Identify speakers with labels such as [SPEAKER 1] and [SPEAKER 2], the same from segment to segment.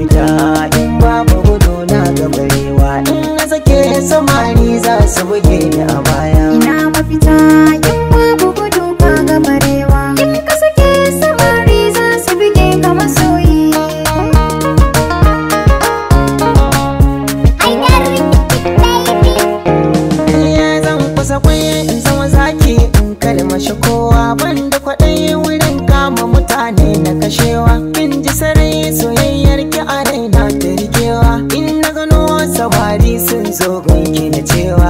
[SPEAKER 1] fita in babu gudu na gabarewa in na sake samari za su buge ni a baya ina mafita in babu gudu ka gabarewa in ka sake samari za su buge ka masoyi ai eh, zan kusa kwaya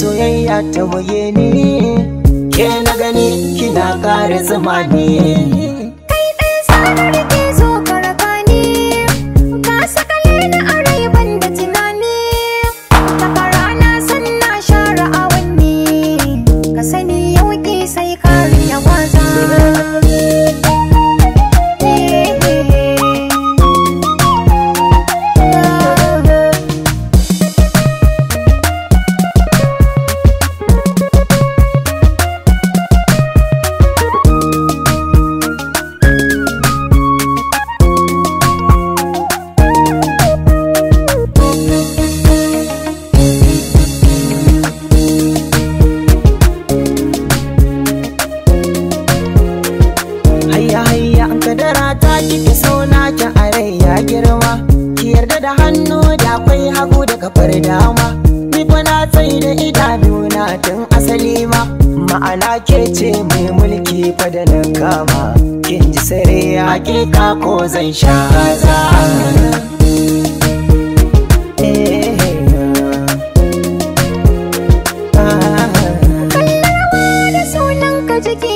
[SPEAKER 1] soyayya ta waye ni ke na gani kina kare zama ne hagu da kafar dama ni fa na tsayi da na tun asali ma ma'ana ke ce mai mulki fa da na kama kin ji sare hakika ko zan sha kaza eh, eh, eh.
[SPEAKER 2] ah. jiki